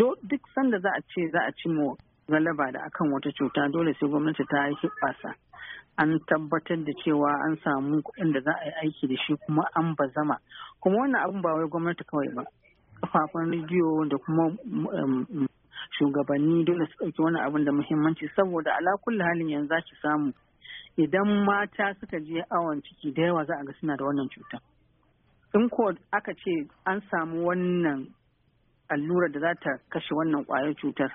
duk sanda za a ce za a ci mu galaba da akan wata cuta dole sai gwamnati ta yi hibbasa an tabbatar da cewa an samu kuɗin da za a yi aiki da shi kuma an bazama kuma wannan abin ba wai gwamnati kawai ba kafafen rediyo da kuma um, shugabanni dole su ɗauki wani abin da muhimmanci saboda ala kulli halin yanzu za ki samu idan mata suka je awon ciki da yawa za a ga suna da wannan cuta in ko aka ce an samu wannan Allura da za ta kashe wannan kwayar cutar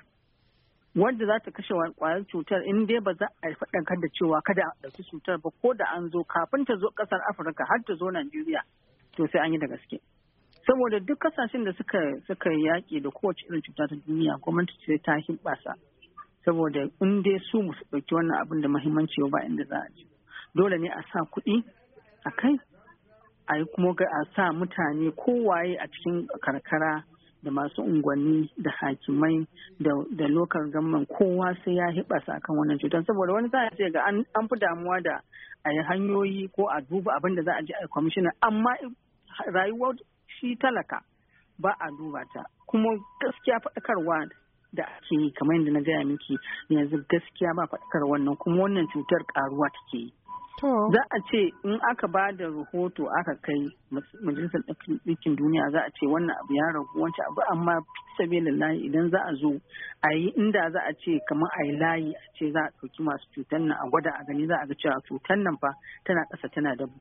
wanda za ta kashe kwayar cutar in dai ba za a faɗankar da cewa kada a ɗauki cutar ba ko da an zo kafin ta zo ƙasar afirka har ta zo najeriya to sai an yi da gaske saboda duk kasashen da suka suka yaƙi da kowace irin cuta ta duniya gwamnati ce ta himbasa saboda in dai su mu ɗauki wannan abin da muhimmanci ba inda za a ji dole ne a sa kuɗi a kai a yi kuma a sa mutane kowaye a cikin karkara da masu unguwanni da hakimai da lokal gamman kowa sai ya hiɓa akan wannan cutar saboda wani za a ce ga an fi damuwa da a yi hanyoyi ko a duba abin da za a ji a kwamishina amma rayuwar shi talaka ba a duba ta kuma gaskiya faɗakarwa da ake yi kamar yadda na gaya miki yanzu gaskiya ba faɗakar wannan kuma wannan cutar ƙaruwa take yi. Za a ce in aka ba da rahoto aka kai majalisar ɗinkin duniya za a ce wannan abu ya ragu wancan abu amma sabi layi idan za a zo a yi inda za a ce kamar a yi layi a ce za a ɗauki masu cutar nan a gwada a gani za a ga cewa cutar nan fa tana ƙasa tana da